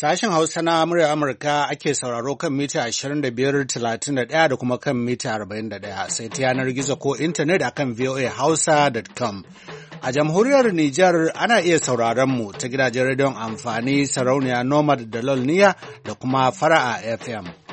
Sashen Hausa na murya Amurka ake sauraro kan mita 25.31 da kuma kan mita 41 sai ta yanar gizo ko intanet akan voahausa.com. A jamhuriyar Nijar ana iya sauraron mu ta gidajen rediyon amfani sarauniya Nomad da Lolniya da kuma Fara a FM.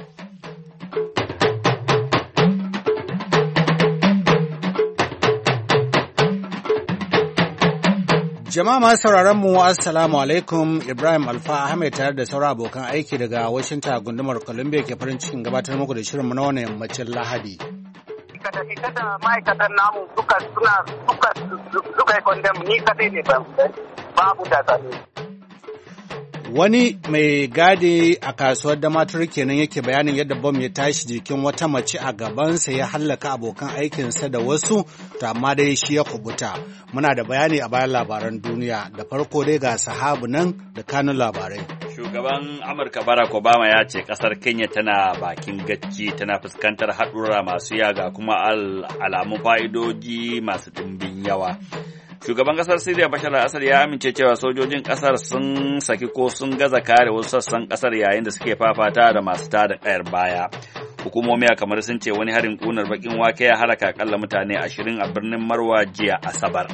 Jama'a masu sauraron mu Assalamu alaikum Ibrahim Alfa Ahmed tare da sauran abokan aiki daga Washington gundumar Columbia ke farin cikin gabatar muku da shirin na wannan yammacin Lahadi. Kada da ma'aikatan namu duka suna suka suka yi kondem ni kadai ne babu da Wani mai gadi a kasuwar Damatur kenan yake bayanin yadda bom ya tashi jikin wata mace a gabansa ya hallaka abokan aikinsa da wasu, to amma dai shi ya kubuta. Muna da bayani a bayan labaran duniya da farko dai ga sahabu nan da kanun labarai. Shugaban Amurka Barack Obama ya ce kasar Kenya tana bakin gacci tana fuskantar haɗura masu yaga kuma alamu fa'idoji masu dimbin yawa. Shugaban kasar Siriya Bashar al-Assad ya amince cewa sojojin kasar sun saki ko sun gaza kare wasu sassan kasar yayin da suke fafata da masu tada kayar baya. Hukumomi a kamar sun ce wani harin kunar bakin wake ya haraka kalla mutane ashirin a birnin Marwa jiya Asabar.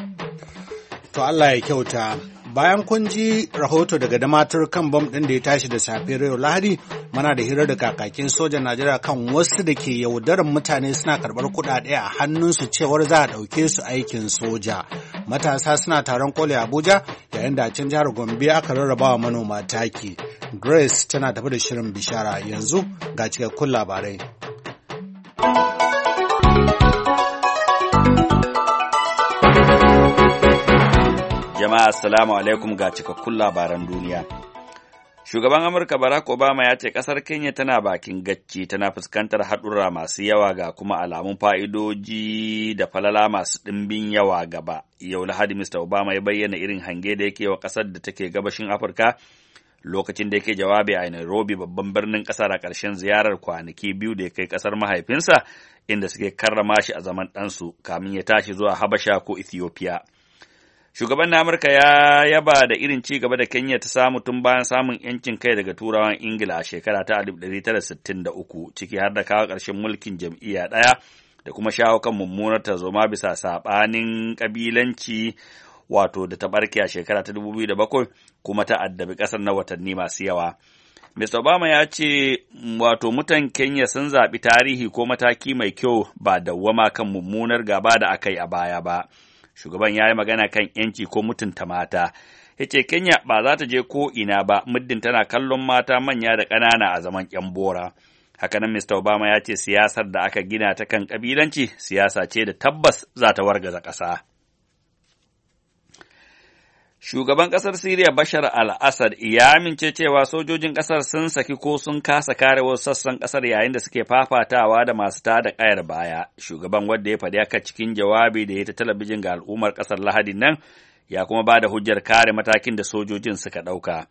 To Allah ya kyauta. Bayan kun ji rahoto daga damatar kan bom ɗin da ya tashi da safe yau Lahadi, mana da hirar da kakakin sojan Najeriya kan wasu da ke yaudarar mutane suna karɓar kuɗaɗe a hannunsu cewar za a ɗauke su aikin soja. matasa suna taron kole abuja yayin da can jihar gombe aka wa manoma taki grace tana tafi da shirin bishara yanzu ga cikakkun labarai jama'a assalamu alaikum ga cikakkun labaran duniya Shugaban Amurka Barack Obama ya ce ƙasar Kenya tana bakin gacci tana fuskantar haɗurra masu yawa ga kuma alamun fa'idoji da falala masu ɗimbin yawa gaba. Yau Lahadi Mr. Obama ya bayyana irin hange da yake wa ƙasar da take gabashin Afirka lokacin da yake jawabi a Nairobi babban birnin ƙasar a ƙarshen ziyarar kwanaki biyu da ya kai ƙasar mahaifinsa inda suke karrama shi a zaman ɗansu kamin ya tashi zuwa Habasha ko Ethiopia. Shugaban na Amurka ya yaba da irin ci gaba da Kenya ta samu tun bayan samun ‘yancin kai daga Turawan Ingila a shekara ta 1963 ciki har da kawo ƙarshen mulkin jam'iyya ɗaya da kuma shawo kan mummunar tarzoma bisa saɓanin ƙabilanci wato da ta barke a shekara ta 2007 kuma ta addabi ƙasar na watanni masu yawa. Mr. Obama ya ce wato mutan Kenya sun zaɓi tarihi ko mataki mai kyau ba dawwama kan mummunar gaba da aka yi a baya ba. shugaban ya yi magana kan yanci ko mutunta mata ya ce kenya ba za ta je ko ina ba muddin tana kallon mata manya da ƙanana a zaman yan bora hakanan mr obama ya ce siyasar da aka gina ta kan ƙabilanci siyasa ce da tabbas za ta wargaza ƙasa Shugaban ƙasar Siriya Bashar al-Assad ya amince cewa sojojin ƙasar sun saki ko sun kasa kare wasu sassan ƙasar yayin da suke fafatawa da masu tada ƙayar baya. Shugaban wanda ya faɗi haka cikin jawabi da ya ta talabijin ga al'ummar ƙasar Lahadi nan ya kuma ba da hujjar kare matakin da sojojin suka ɗauka.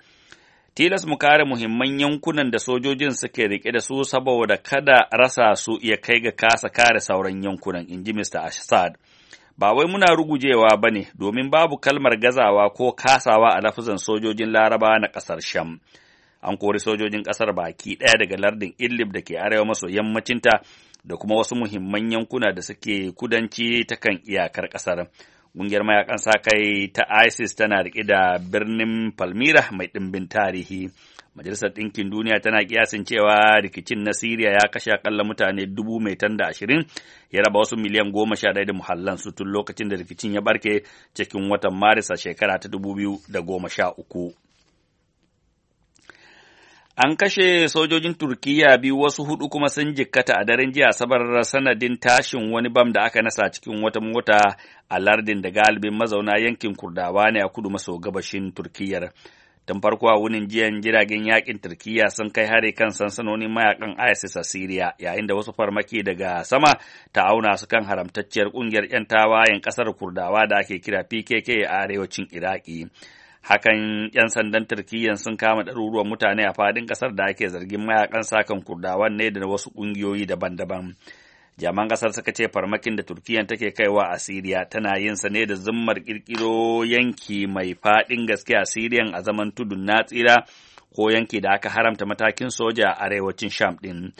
Tilas mu kare muhimman yankunan da sojojin suke riƙe da su saboda kada rasa su iya kai ga kasa kare sauran yankunan, inji Mr. Assad. ba wai muna rugujewa ba ne domin babu kalmar gazawa ko kasawa a lafuzan sojojin laraba na ƙasar sham an kori sojojin ƙasar baki ɗaya daga lardin illib da ke arewa maso yammacinta da kuma wasu muhimman yankuna da suke kudanci ta kan iyakar ƙasar ƙungiyar mayakan sa kai ta isis tana riƙe da birnin palmira mai ɗimbin tarihi Majalisar Ɗinkin Duniya tana kiyasin cewa rikicin na Siriya ya kashe akalla mutane dubu mai da ashirin ya raba wasu miliyan goma sha ɗaya da muhallansu tun lokacin da rikicin ya barke cikin watan Maris a shekara ta dubu biyu da goma sha uku. An kashe sojojin Turkiyya biyu wasu hudu kuma sun jikkata a daren jiya sabar sanadin tashin wani bam da aka nasa cikin wata mota a lardin da galibin mazauna yankin Kurdawa ne a kudu maso gabashin Turkiyyar. tun farko a wunin jiyan jiragen yakin turkiya sun kai hari kan sansanonin mayakan isis a siriya yayin da wasu farmaki daga sama ta auna su kan haramtacciyar kungiyar 'yan tawayen kasar kurdawa da ake kira pkk a arewacin iraki hakan 'yan sandan turkiyya sun kama ɗaruruwan mutane a fadin ƙasar da ake zargin mayakan sakan kurdawan ne da wasu ƙungiyoyi daban-daban jaman ƙasar suka ce farmakin da turkiya take kaiwa a siriya tana yin sa ne da zummar kirkiro yanki mai faɗin gaske a siriyan a zaman tudun na tsira ko yanki da aka haramta matakin soja a arewacin sham ɗin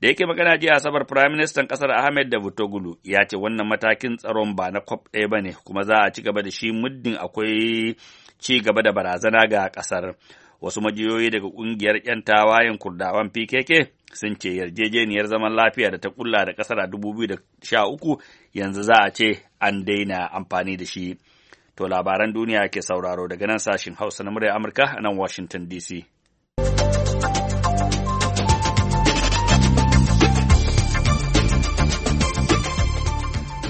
da yake magana jiya asabar prime minister kasar ahmed da butogulu ya ce wannan matakin tsaron ba na kwab ɗaya ba ne kuma za a ci gaba da shi muddin akwai ci gaba da barazana ga ƙasar. wasu majiyoyi daga ƙungiyar 'yan tawayen kurdawan pkk sun ce yarjejeniyar zaman lafiya da ta kulla da kasar a 2013 yanzu za a ce an daina amfani da shi. To labaran duniya ke sauraro daga nan sashin Hausa na murya Amurka a nan Washington DC.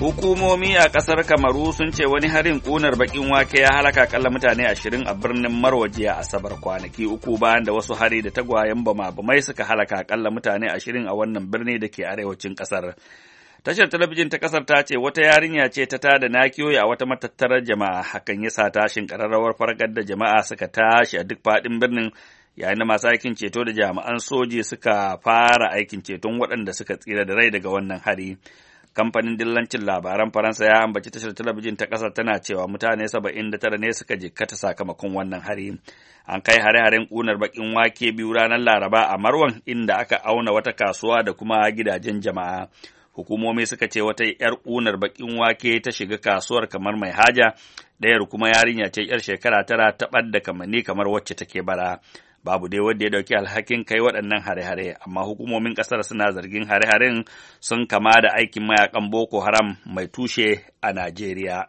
Hukumomi a ƙasar Kamaru sun ce wani harin ƙunar bakin wake ya halaka kalla mutane ashirin a birnin Marwaji a Asabar kwanaki uku bayan da wasu hari da tagwayen bama-bamai suka halaka kalla mutane ashirin a wannan birni da ke arewacin ƙasar. Tashar talabijin ta ƙasar ta ce wata yarinya ce ta tada nakiyoyi a wata matattarar jama'a hakan ya sa tashin ƙararrawar fargar da jama'a suka tashi a duk faɗin birnin yayin da masu aikin ceto da jami'an soji suka fara aikin ceton waɗanda suka tsira da rai daga wannan hari. kamfanin dillancin labaran faransa ya ambaci tashar talabijin ta ƙasar tana cewa mutane saba'in da tara ne suka jikkata sakamakon wannan hari an kai hare-haren kunar bakin wake biyu ranar laraba a marwan inda aka auna wata kasuwa da kuma gidajen jama'a hukumomi suka ce wata 'yar ƙunar bakin wake ta shiga kasuwar kamar mai haja ɗayar kuma yarinya ce 'yar shekara tara ta ɓadda kamanni kamar wacce take bara babu dai wanda ya dauki alhakin kai waɗannan hare-hare amma hukumomin ƙasar suna zargin hare-haren sun kama da aikin mayakan boko haram mai tushe a najeriya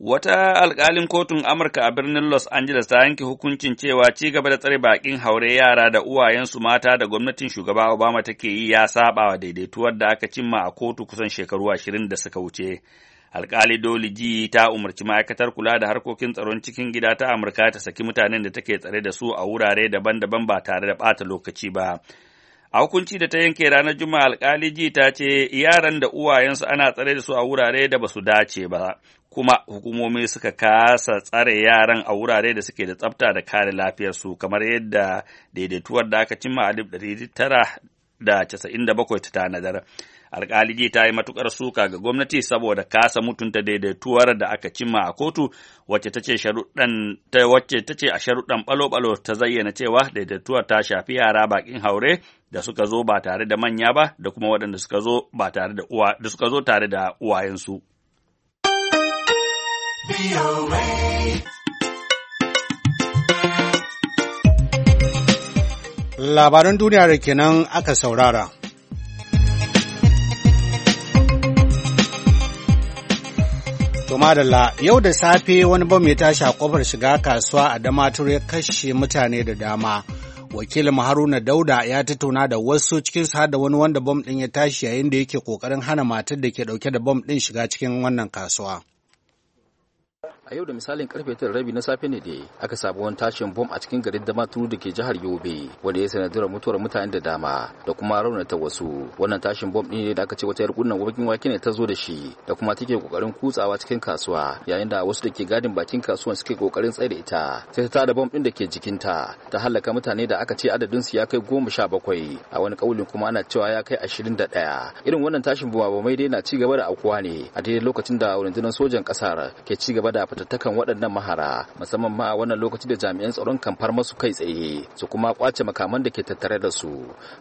Wata alƙalin kotun Amurka a birnin Los Angeles ta yanke hukuncin cewa ci gaba da tsare bakin haure yara da uwayensu mata da gwamnatin shugaba Obama take yi ya saba wa daidaituwar da aka cimma a kotu kusan shekaru ashirin da suka wuce. alkali doli ji ta umarci ma'aikatar kula da harkokin tsaron cikin gida ta amurka ta saki mutanen da take tsare da su a wurare daban-daban ba tare da ɓata lokaci ba a hukunci da ta yanke ranar juma'a alkali ji ta ce yaran da uwayensu ana tsare da su a wurare da basu dace ba kuma hukumomi suka kasa tsare yaran a wurare da suke da tsafta da kare lafiyarsu kamar yadda daidaituwar da aka cimma a 1997 ta tanadar. alkali ta yi matukar suka ga gwamnati saboda kasa mutunta daidaituwar da aka cimma a kotu wacce ta ce wacce ta ce a sharuɗan balo-balo ta zayyana cewa daidaituwar ta shafi yara bakin haure da suka zo ba tare da manya ba da kuma waɗanda suka zo ba tare da uwa da suka zo tare da uwayensu. Labaran duniya da kenan aka saurara. To madalla yau da safe wani bam ya tashi a kofar shiga kasuwa a Damaturu ya kashe mutane da dama. Wakilin Haruna Dauda ya tattauna da wasu cikin su da wani wanda bom ɗin ya tashi yayin da yake kokarin hana matar da ke ɗauke da bom ɗin shiga cikin wannan kasuwa. a yau da misalin karfe tara rabi na safe ne da aka sabu wani tashin bom a cikin garin damaturu da ke jihar yobe wanda ya sanadura mutuwar mutane da dama da kuma raunata wasu wannan tashin bom ne da aka ce wata yarkunan wakin wake ne ta zo da shi da kuma take kokarin kutsawa cikin kasuwa yayin da wasu da ke gadin bakin kasuwan suke kokarin tsaye da ita sai ta tada bom din da ke jikinta ta halaka mutane da aka ce adadin su ya kai goma sha bakwai a wani kaulin kuma ana cewa ya kai ashirin da ɗaya irin wannan tashin bumabumai dai na ci gaba da aukuwa ne a daidai lokacin da rundunar sojan kasar ke ci gaba da fitattakan waɗannan mahara musamman ma a wannan lokaci da jami'an tsaron kan far masu kai tsaye su kuma kwace makaman da ke tattare da su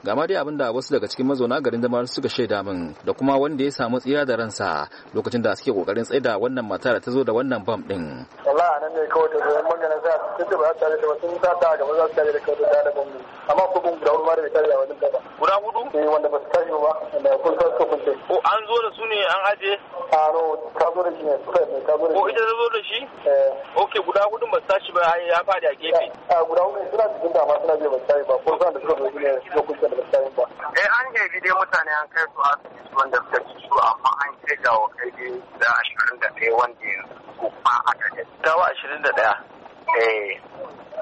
ga ma dai abinda wasu daga cikin mazauna garin da suka shaida min da kuma wanda ya samu tsira da ransa lokacin da suke kokarin tsaida wannan mata da ta zo da wannan bam din wallahi anan ne kawai da zuwan magana za su tsaye ba tare da wasu ta ta gaba za su tare da kawai da bam amma ko bin guda ruwa da tare da wannan gaba guda hudu eh wanda ba su tashi ba da kun san su kun ce ko an zo da su ne an aje a ah, no ka zo da shi ne ka zo da shi ko ita zo da shi? Eh. Ok, guda hudu ba tashi ba ya fadi a gefe. A guda hudu suna cikin dama suna biyu ba tashi ba ko suna da suka zo ne suka kusa da ba tashi ba. Eh an jefi dai mutane an kai su asibiti wanda suka ci su amma an ce ga wa kai dai da ashirin da ɗaya wanda yanzu kuma aka jefi. Gawa ashirin da ɗaya. Eh.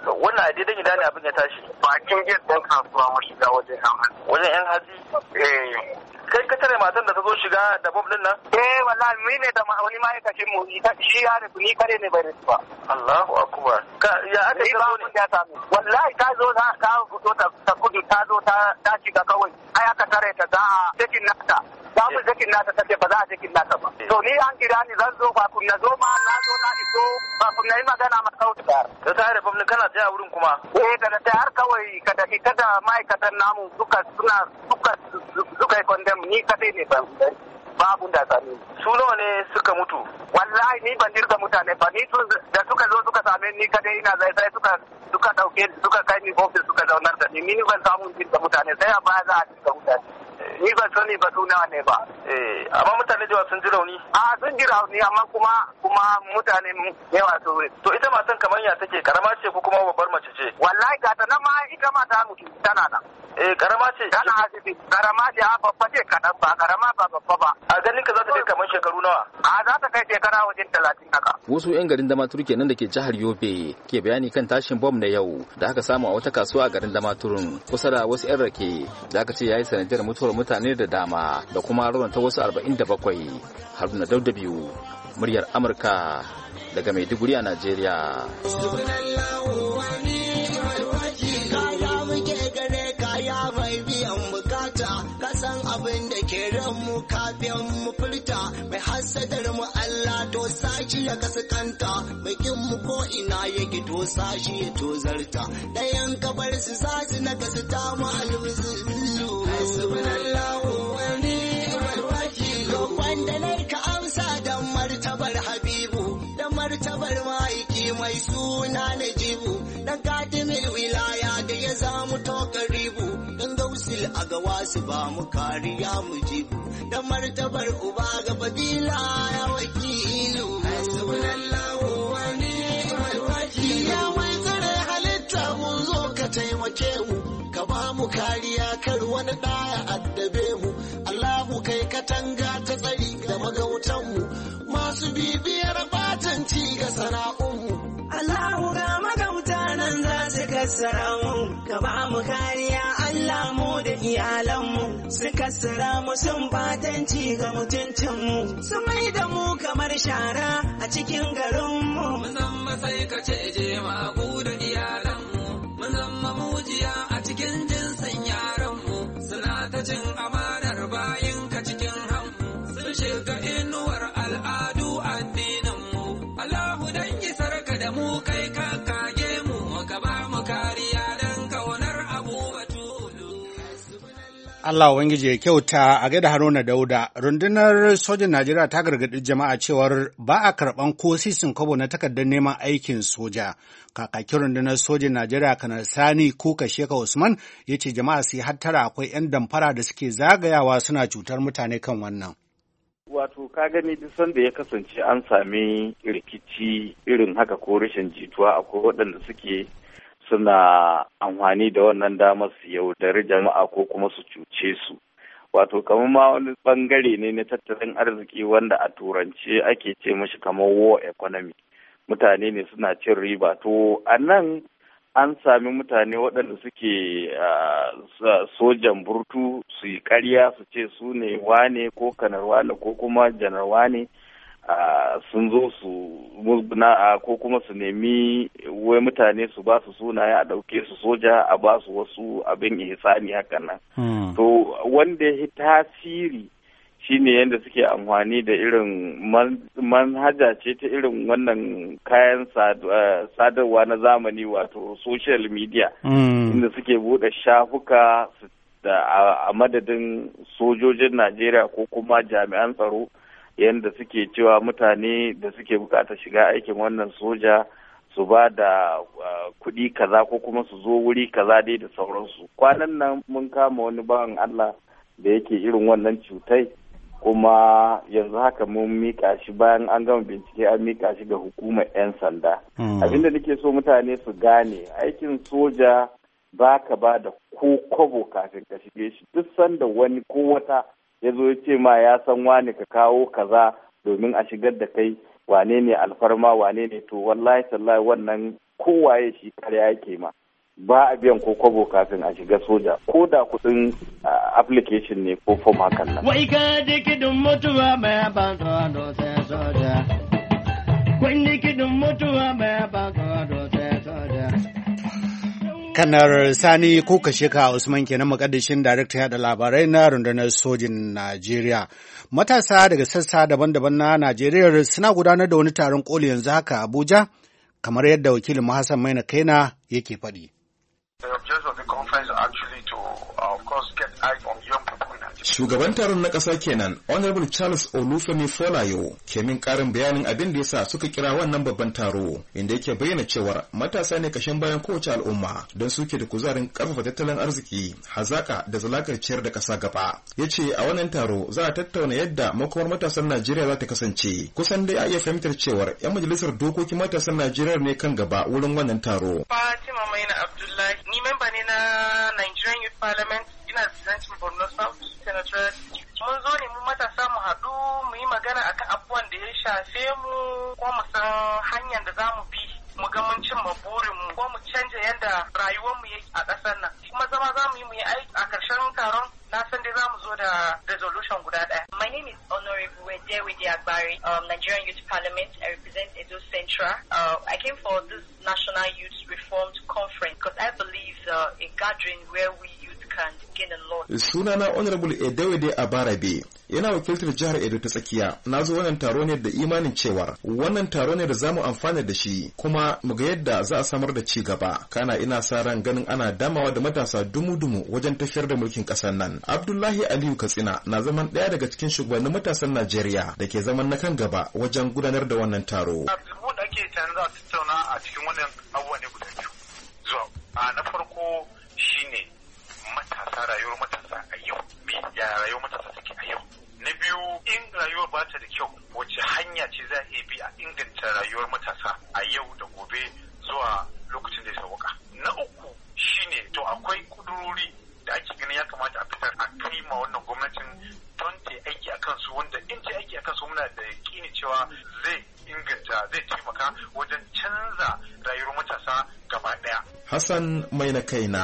Wannan a daidai gida ne abin ya tashi. Bakin gate ɗin kasuwa mashiga wajen yan hatsi. Wajen yan hatsi? Eh. kai ka tare matan da ta zo shiga da bom din nan eh wallahi mu ne da wani ma'aikacin mu shi ya rufu ni kare ne bai rufu ba Allahu akbar ka ya aka kira ni ya sami wallahi ta zo ta ka fito ta kudu ta zo ta ta shiga kawai ai aka tare ta za a cikin nata za mu cikin nata ta ce ba za a cikin nata ba to ni an kira ni zan zo kafin na zo ma na zo na iso kafin na yi magana ma kawai ta ta tare bom din kana tsaya wurin kuma eh da ta har kawai ka da ita da ma'aikatan namu suka suna suka suka yi gidan ni kadai ne ban babu da sami su nawa ne suka mutu wallahi ni ban dirga mutane ba ni da suka zo suka same ni kadai ina zai sai suka suka dauke suka kai ni ofis suka zaunar da ni ni ban samu dirga mutane sai a baya za a dirga mutane eh. ni ban sani ba suna ne ba. Eh, amma mutane da sun ji rauni. A sun ji rauni amma kuma kuma mutane ne yawa su To ita matan kamar ya take karama ce ko kuma babbar mace ce. Wallahi ga ta nan ma ita ma ta mutu tana nan. eh karama ce Kana asibi karama ce a babba ce kaɗan ba karama ba babba ba a ganin ka za ta kai kamar shekaru nawa a za ta kai shekara wajen talatin haka wasu yan garin damaturu kenan da ke jihar yobe ke bayani kan tashin bom na yau da aka samu a wata kasuwa a garin damaturun kusa da wasu yan rake da aka ce ya yi sanadiyar mutuwar mutane da dama da kuma ta wasu arba'in da bakwai haruna dauda biyu muryar amurka daga maiduguri a najeriya mu kafin mu furta mai hasadar mu Allah to sashi ya kaskanta mai kin mu ko ina ya gido sashi ya tozarta dayan kabar su zasu na gasu ta mu alwuzullu subhanallah ga wasu ba mu kariya mu ji da martabar uba ga fadila ya wakilu hasbunallahu wa ya tsare halitta mun zo ka taimake mu ka ba mu kariya kar wani da kassara mu ka ba mu kariya Allah mu da iyalanmu su kassara mu sun batanci ga mutuncinmu su mai da mu kamar shara a cikin garinmu mu zama sai ka ce je ma da iyalanmu mu zama mujiya a cikin Allah Ubangiji ya kyauta a gaida Haruna Dauda, rundunar sojin Najeriya ta gargaɗi jama'a cewar ba a karɓan ko sisin kwabo na takardar neman aikin soja. Kakakin rundunar sojin Najeriya kanar Sani Kuka Sheka Usman ya ce jama'a su yi hattara akwai 'yan damfara da suke zagayawa suna cutar mutane kan wannan. Wato ka gani duk sanda ya kasance an sami rikici irin haka ko rashin jituwa akwai waɗanda suke suna amfani da wannan damar su yaudari jama'a ko kuma su cuce su wato kamar ma wani bangare ne na tattalin arziki wanda a turance ake ce mashi kamar war economy mutane ne suna cin riba to a nan an sami mutane waɗanda suke sojan burtu su yi ƙarya su ce su ne wane ko kanarwa ne ko kuma janarwa ne sun zo su a ko kuma su nemi wai mutane su ba su sunaye a ɗauke su soja a ba su wasu abin ihsani hakan nan. Hmm. To wanda ya tasiri shine yadda suke amfani da irin manhaja ce ta irin wannan kayan sadarwa na zamani wato social media hmm. inda suke buɗe shafuka a madadin sojojin Najeriya ko kuma jami'an tsaro. yadda suke cewa mutane da suke buƙata shiga aikin wannan soja su ba da ah, kuɗi kaza ko kuma su zo wuri kaza dai da sauransu kwanan nan mun kama wani bawan allah da yake irin wannan cutai kuma yanzu haka mun mika shi bayan an gama bincike an mika shi ga hukumar 'yan sanda mm. abinda nake so mutane su gane aikin soja ba ka ba da ko kobo kafin ka shige shi duk sanda wani ko wata ya zo ya ce ma ya san wani ka kawo kaza domin a shigar da kai wane ne alfarma wane ne to wallahi sallahi wannan kowaye shi karya yake ma ba a biyan ko kwabo kafin a shiga soja ko da kudin application ne ko form hakan nan. Wai ka ji kidin mutuwa mai ban tsoro sai soja. Kun ji kidin mutuwa mai ban tsoro sai soja. kanar sani ko sheka usman kenan makaddashin darakta yada labarai na rundunar sojin najeriya matasa daga sassa daban-daban na najeriya suna gudanar da wani taron koli yanzu haka abuja kamar yadda wakilin hassan maina kaina yake faɗi. The objective of the conference actually to, uh, of course, get eye on shugaban taron na ƙasa kenan honorable charles olufemi folayo ke min ƙarin bayanin abin da yasa suka kira wannan babban taro inda yake bayyana cewar matasa ne kashin bayan kowace al'umma don suke da kuzarin ƙarfafa tattalin arziki hazaka da zalakar ciyar da ƙasa gaba ya ce a wannan taro za a tattauna yadda makomar matasan najeriya za ta kasance kusan dai a iya fahimtar cewar 'yan majalisar dokokin matasan najeriya ne kan gaba wurin wannan taro fatima maina abdullahi ni memba ne na nigerian youth parliament ina tunancin borno south mun zo ne mu matasa mu haɗu mu yi magana akan abubuwan da ya shafe mu ko mu san hanyar da za mu bi mu ga mun burin mu ko mu canja yadda rayuwar mu yake a ƙasar nan kuma zama za mu yi mu yi aiki a ƙarshen taron na san dai za mu zo da resolution guda ɗaya. My name is Honorable Wende Agbari, um, Nigerian Youth Parliament. I represent Edo Central. Uh, I came for this National Youth Reformed Conference because I believe uh, a gathering where we Suna sunana honorable a barabe yana wakiltar jihar edo ta tsakiya na zo wannan taro ne da imanin cewar wannan taro ne da zamu amfana da shi kuma mu ga yadda za a samar da ci gaba kana ina sa ran ganin ana damawa da matasa dumu-dumu wajen tafiyar da mulkin kasar nan abdullahi aliyu katsina na zaman ɗaya daga cikin shugabannin matasan najeriya da ke zaman na kan gaba wajen gudanar da wannan taro a cikin wannan abubuwa ne guda biyu zuwa na farko shine matasa rayuwar matasa a yau me ya rayuwar matasa take a yau na biyu in rayuwar ba ta da kyau wace hanya ce za a iya bi a inganta rayuwar matasa a yau da gobe zuwa lokacin da ya sauka na uku shine to akwai kudurori da ake ganin ya kamata a fitar a kai ma wannan gwamnatin don ta aiki a kansu wanda in ta aiki a kansu muna da yakini cewa zai inganta zai taimaka wajen canza rayuwar matasa gaba daya hassan mai na kaina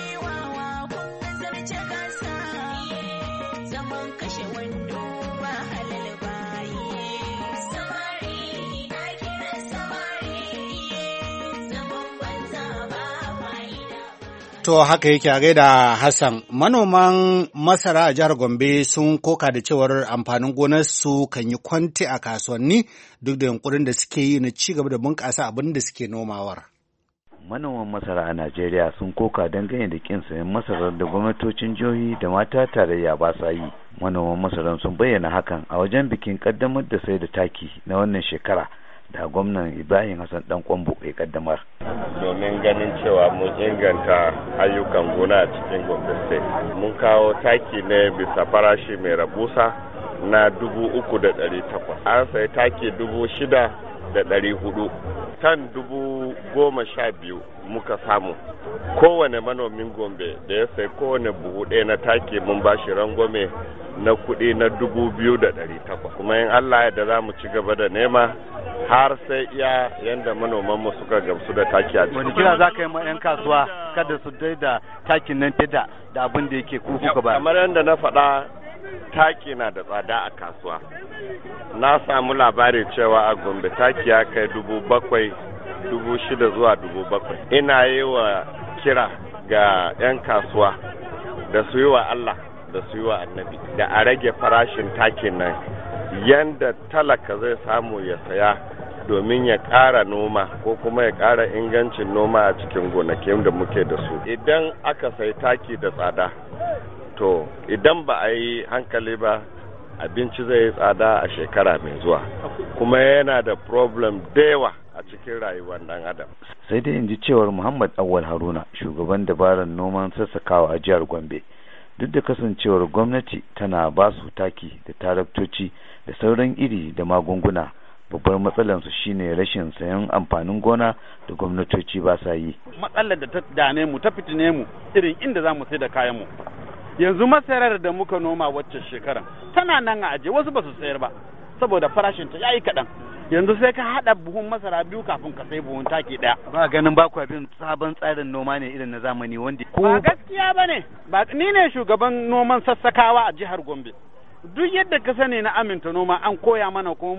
To haka yake a gaida Hassan, manoman masara a jihar Gombe sun koka da cewar amfanin gonar su kan yi kwanti a kasuwanni duk da yunkurin da suke yi na ci gaba da bunƙasa abin da suke nomawar. Manoman masara a Najeriya sun koka don dangane da kin sayan masarar da gwamnatocin jihohi da mata tarayya ba sa yi. Manoman masaran sun bayyana hakan a wajen bikin ƙaddamar da sai da taki na wannan shekara. da gwamnan ibrahim hassan dan kwambo ya kaddamar domin ganin cewa mun inganta ayyukan gona a cikin gombe state mun kawo taki ne bisa farashi mai rabusa na dubu uku da dari takwas an sai taki dubu shida da dari hudu tan dubu goma sha biyu muka samu kowane manomin gombe da ya sai kowane buhu ɗaya na take mun ba shi rangwame na kuɗi na dubu biyu da ɗari takwas kuma in allah da za mu ci gaba da nema har sai iya yadda mu suka gamsu da taki a wani kira za ka yi ma 'yan kasuwa kada su daida takin nan da abin da yake kuku ba kamar yadda na faɗa taki na da tsada a kasuwa na samu labari cewa a gombe taki ya kai dubu bakwai dubu shida zuwa dubu bakwai ina yi wa kira ga 'yan kasuwa da su yi wa allah da su yi wa annabi da a rage farashin taki nan yanda talaka zai samu ya saya domin ya ƙara noma ko kuma ya ƙara ingancin noma a cikin gonakin da muke da su idan aka sai taki da tsada to idan ba a yi hankali ba abinci zai yi tsada a shekara mai zuwa kuma yana da problem da a cikin rayuwar dan adam sai dai inji ji cewar muhammad awal haruna shugaban dabarar noman sassakawa a jihar gombe duk da kasancewar gwamnati tana ba su taki da taraktoci da sauran iri da magunguna babbar matsalarsu shine rashin sayan amfanin gona da gwamnatoci ba sa yi matsalar da ta dane mu ta fitine mu irin inda za mu sai da kayan mu yanzu masarar da muka noma wacce shekaran tana nan a aje wasu ba su sayar ba saboda farashin ta yayi kaɗan yanzu sai ka haɗa buhun masara biyu kafin ka sai buhun taki ɗaya. Ba ganin ba kwa bin sabon tsarin noma ne irin na zamani wanda. Ba gaskiya ba ne, ba ni ne shugaban noman sassakawa a jihar Gombe. duk yadda ka sani na aminta noma an koya mana kuma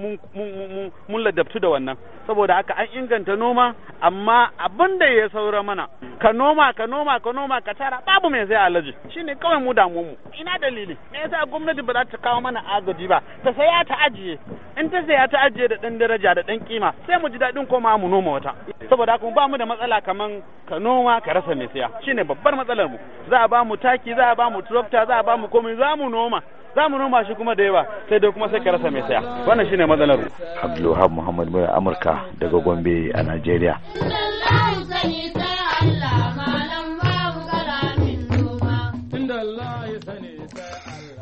mun ladabtu da wannan saboda haka an inganta noma amma abin da ya saura mana ka noma ka noma ka noma ka tara babu mai sai alaji shine kawai mu damu mu ina dalili me yasa gwamnati ba za ta kawo mana agaji ba ta saya ta ajiye in ta saya ta ajiye da dan daraja da dan kima sai mu ji daɗin koma mu noma wata saboda haka ba mu da matsala kaman ka noma ka rasa mai saya shine babbar matsalar mu za a ba mu taki za a ba mu tractor za a ba mu komai za mu noma za mu noma shi kuma da yawa sai dai kuma sai ka rasa mai saya wannan shine matsalar Abdulwahab Muhammad mai Amurka daga Gombe a Najeriya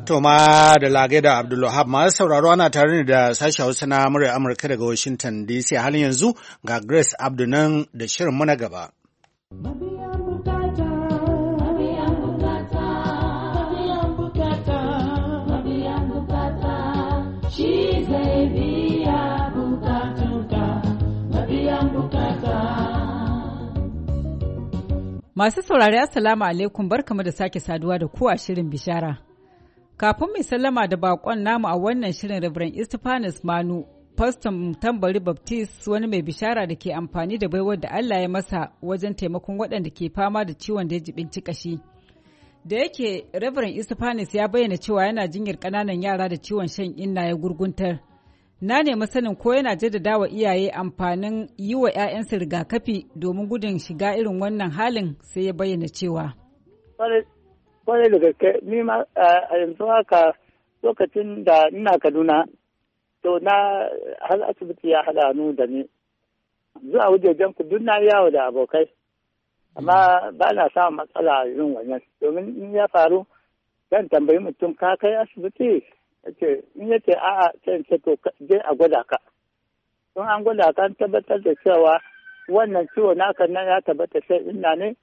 Toma da lage da Abdulwahab masu sauraro ana tare da sashe Hausa na murya Amurka daga Washington DC halin yanzu ga Grace Abdu da shirin mu na gaba. Masu saurari Assalamu alaikum barkamu da sake saduwa da ku shirin bishara. Kafin mai sallama da bakon namu a wannan shirin Reverend Estefanus Manu, faston tambari Baptist wani mai bishara da ke amfani da baiwar da Allah ya masa wajen taimakon waɗanda ke fama da ciwon da ya jibinci kashi. Da yake Reverend Estefanus ya bayyana cewa yana jinyar ƙananan yara da ciwon shan inna ya gurguntar. Na nemi sanin ko yana jaddada iyaye amfanin yi wa 'ya'yansu rigakafi domin gudun shiga irin wannan halin sai ya bayyana cewa. Kwarai da gaske, ni ma a yanzu haka lokacin da ina Kaduna, to na har asibiti ya hada hannu da ni. Zuwa wajejen ku duk na yawo da abokai, amma ba na samun matsala a yin wannan, domin in ya faru zan tambayi mutum ka kai asibiti ce in ya ce a'a can ce to je a gwada ka don an gwada ka an tabbatar da cewa wannan ciwo naka nan ya tabbata sai ina ne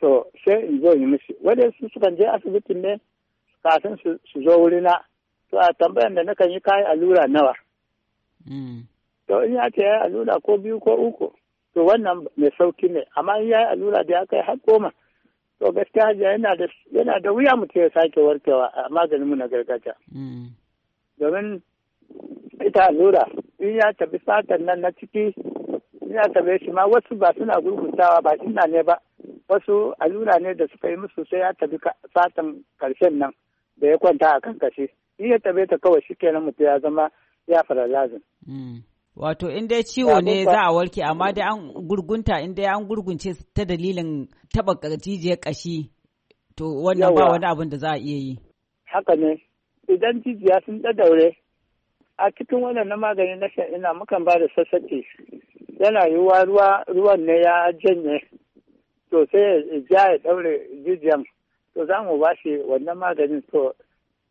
to sai in zo yi mishi wadansu sukan je asibitin ne kafin su zo na to a tambayan da nakan yi kayi allura nawa hmm. to in ya ce ya yi allura ko biyu ko uku to wannan mai sauki ne amma in ya yi allura da ya kai har goma to gaskiya hajiya yana da wuya mutum ya sake warkewa a maganin mu na gargajiya mm. domin ita allura in ya tabi satan nan na ciki in ya tabe shi ma wasu ba suna gurgutawa ba ina ne ba wasu allura ne da suka yi musu sai ya tafi satan karshen nan da ya kwanta a kan in ya tabe ta kawai shi kenan mutum ya zama ya fara lazim mm. Wato in dai ciwo ne za a warke amma dai an gurgunta in dai an gurgunce ta dalilin taba jijiyar kashi to wannan ba wani abin da za a iya yi. Haka ne idan jijiya sun ɗadaure a cikin wannan na magani na shan ina mukan ba da sassaƙi yana yiwuwa ruwa ruwan ne ya janye to sai ya ja ya ɗaure jijiyan to za mu ba shi wannan maganin to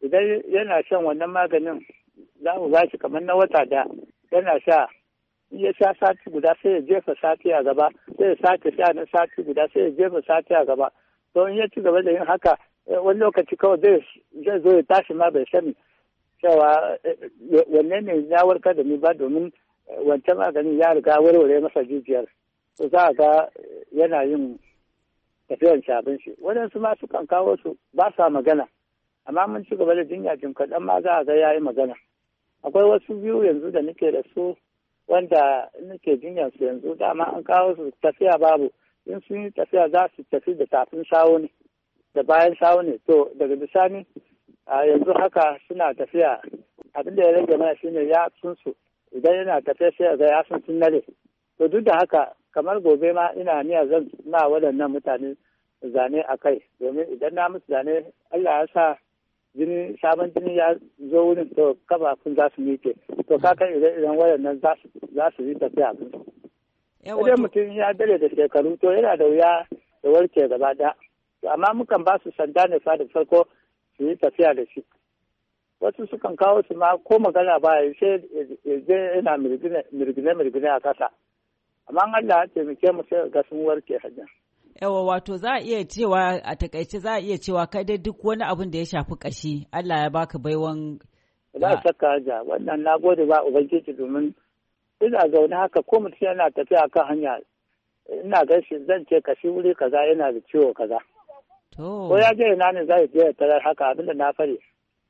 idan yana shan wannan maganin za mu ba shi kamar na wata da yana sha in ya sha sati guda sai ya jefa sati a gaba sai ya sake sha na sati guda sai ya jefa sati a gaba to in ya ci gaba da yin haka eh, wani lokaci kawai zai zo ya tashi ma bai sani cewa eh, eh, wanne ne ya warkar da ni ba domin wancan maganin ya riga warware masa jijiyar to za ga yana yin tafiyar shabin shi waɗansu ma sukan kawo su ba sa magana amma mun ci gaba da jinya jinkaɗan ma za a ga ya yi magana akwai wasu biyu yanzu da nake da su wanda nake jinyar su yanzu dama an kawo su tafiya babu in sun yi tafiya za su tafi da tafin shawo ne da bayan shawo ne to daga bisani a yanzu haka suna tafiya abin da ya rage mana shine ya su idan yana tafiya sai ga ya sun nare to duk da haka kamar gobe ma ina niyya zan na waɗannan mutane zane a kai domin idan na musu zane Allah ya sa jini sabon jini ya zo wurin to kafafun za su miƙe to kaka idan waɗannan za su yi tafiya abin idan mutum ya dare da shekaru to yana da wuya da warke gaba ɗaya amma mukan ba su sanda ne fa da farko su yi tafiya da shi wasu sukan kawo su ma ko magana ba ya sai je yana mirgine mirgine a kasa amma Allah ya taimake mu sai ga sun warke hajjan yawa wato za a iya cewa a takaice za a iya cewa kai dai duk wani abin da ya shafi kashi Allah ya baka baiwan za a ah. saka haja wannan na gode ba ubangiji domin ina zaune haka ko mutum yana tafiya kan hanya ina gaishe zan ce kashi wuri kaza yana da ciwo kaza ko ya je ina ne za ya je ya haka abin da na fare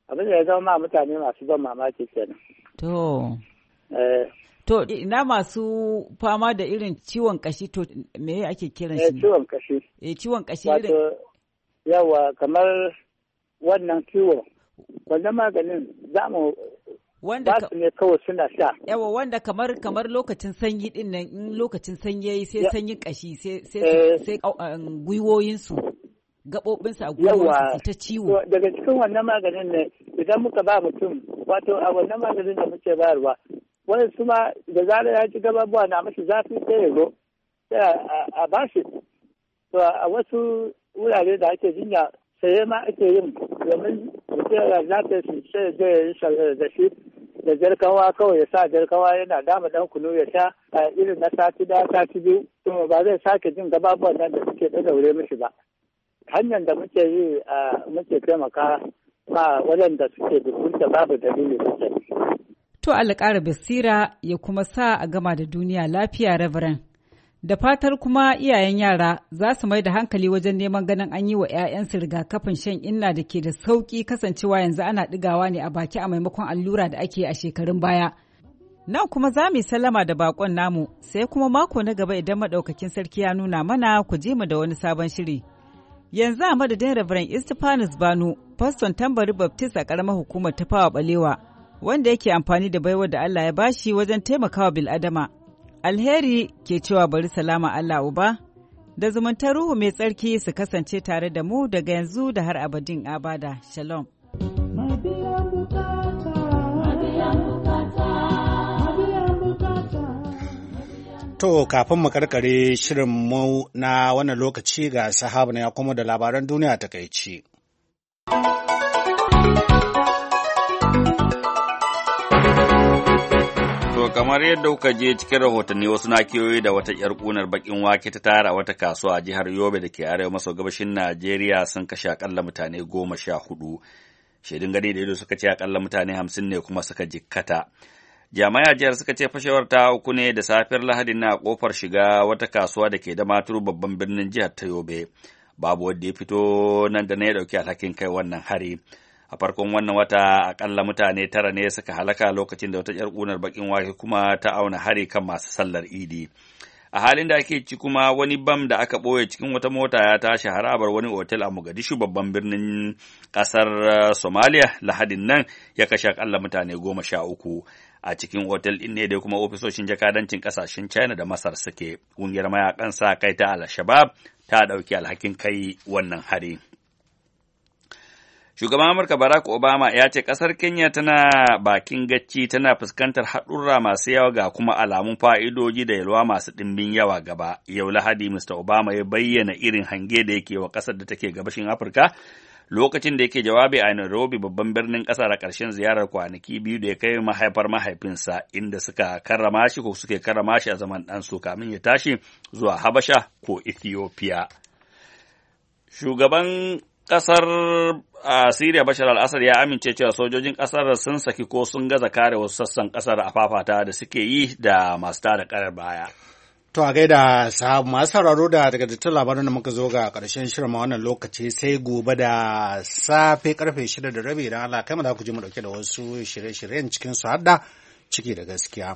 abin da ya zama mutane masu ban mamaki kenan to eh. To ina masu fama da irin ciwon kashi to me ake kiran shi? Eh, ciwon kashi. Eh ciwon kashi irin. Yawa kamar wannan ciwo. Wannan maganin za mu wanda ka... ne kawai suna sha. Yawa wanda kamar kamar lokacin sanyi din nan in lokacin sanyi yayi sai sanyin kashi sai sai eh. sai um, gwiwoyin su gabobin su a gwiwoyin su ta ciwo. Daga cikin wannan maganin ne idan muka ba mutum wato a wannan maganin da muke bayarwa wani su ma da zarar ya ji buwa na mashi zafi sai ya zo sai a bashi to a wasu wurare da ake jinya sai ma ake yin domin mutum ya zafi su sai ya yi da shi da jarkawa kawai ya sa jarkawa yana dama dan kunu ya sha a irin na sati da sati biyu kuma ba zai sake jin gababuwa nan da suke ɗaɗaure mishi ba hanyar da muke yi a muke taimaka ma waɗanda suke dukunta babu dalili sosai To alƙara basira ya kuma sa a gama da duniya lafiya rabaran. Da fatar kuma iyayen yara za su mai da hankali wajen neman ganin an yi wa 'ya'yansu rigakafin shan inna da ke da sauki kasancewa yanzu ana ɗigawa ne a baki a maimakon allura da ake a shekarun baya. Nan kuma za mu sallama da bakon namu sai kuma mako na gaba idan maɗaukakin sarki ya nuna mana ku je mu da wani sabon shiri. Yanzu a madadin Reverend Istifanus Banu, faston tambari Baptist a ƙaramar hukumar ta fawa balewa wanda yake amfani da baiwar da Allah ya bashi wajen taimakawa bil'adama. Alheri ke cewa bari salama Allah uba, da zumuntar ruhu mai tsarki su kasance tare da mu daga yanzu da har abadin abada. Shalom. To, kafin mu karkare shirin mu na wannan lokaci ga na ya kuma da labaran duniya takaici. kamar yadda kuka je cikin rahotanni wasu nakiyoyi da wata yar kunar bakin wake ta tara wata kasuwa a jihar Yobe da ke arewa maso gabashin Najeriya sun kashe akalla mutane goma sha hudu. Shaidun gari da ido suka ce akalla mutane hamsin ne kuma suka jikkata. Jami'a jihar suka ce fashewar ta uku ne da safiyar Lahadi na kofar shiga wata kasuwa da ke da maturu babban birnin jihar ta Yobe. Babu wanda ya fito nan da na ya dauki alhakin kai wannan hari. a farkon wannan wata akalla mutane tara ne suka halaka lokacin da wata 'yar ƙunar bakin wake kuma ta auna hari kan masu sallar idi a halin da ake ci kuma wani bam da aka ɓoye cikin wata mota ya tashi harabar wani otel a mogadishu babban birnin ƙasar eh, somalia lahadin nan ya kashe akalla mutane goma sha uku a cikin otel ɗin ne dai kuma ofisoshin jakadancin ƙasashen china da masar suke ƙungiyar mayakan sa kai ta al ta ɗauki alhakin kai wannan hari. Shugaban Amurka Barack Obama ya ce ƙasar Kenya tana bakin gacci tana fuskantar haɗurra masu yawa ga kuma alamun fa'idoji da yalwa masu ɗimbin yawa gaba. Yau Lahadi Mr. Obama ya bayyana irin hange da yake wa ƙasar da take gabashin Afirka lokacin da yake jawabi a Nairobi babban birnin ƙasar a ƙarshen ziyarar kwanaki biyu da ya kai mahaifar mahaifinsa inda suka karrama shi ko suke karrama shi a zaman ɗansu kamin ya tashi zuwa Habasha ko Ethiopia. Shugaban kasar Siriya Bashar al-Assad ya amince cewa sojojin kasar sun saki ko sun gaza kare wasu sassan kasar a fafata da suke yi da masu tada karar baya. To a gaida sahabu masu sauraro da daga dattar labarin da muka zo ga karshen shirin wannan lokaci sai gobe da safe karfe shida da rabi idan Allah kai mu za ku ji mu dauke da wasu shirye-shiryen cikin su hadda ciki da gaskiya.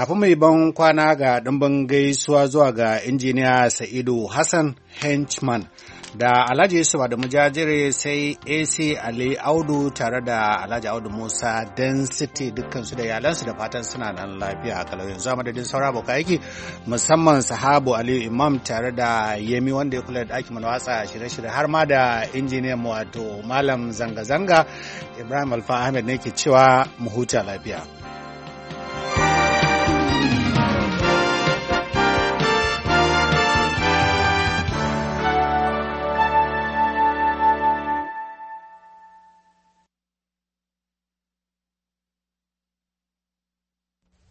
Kafin mai ban kwana ga ɗumbin gaisuwa zuwa ga injiniya Sa'idu Hassan Henchman da Alhaji Yusuf da Mujajire sai AC Ali Audu tare da Alhaji Audu Musa Density dukkansu da iyalansu da fatan suna nan lafiya a kalau yanzu madadin saura abokan aiki musamman Sahabu Ali Imam tare da Yemi wanda ya kula da ɗakin mana watsa shirye-shirye har ma da injiniyan mu wato Malam Zanga-zanga Ibrahim Alfa Ahmed ne ke cewa mu huta lafiya.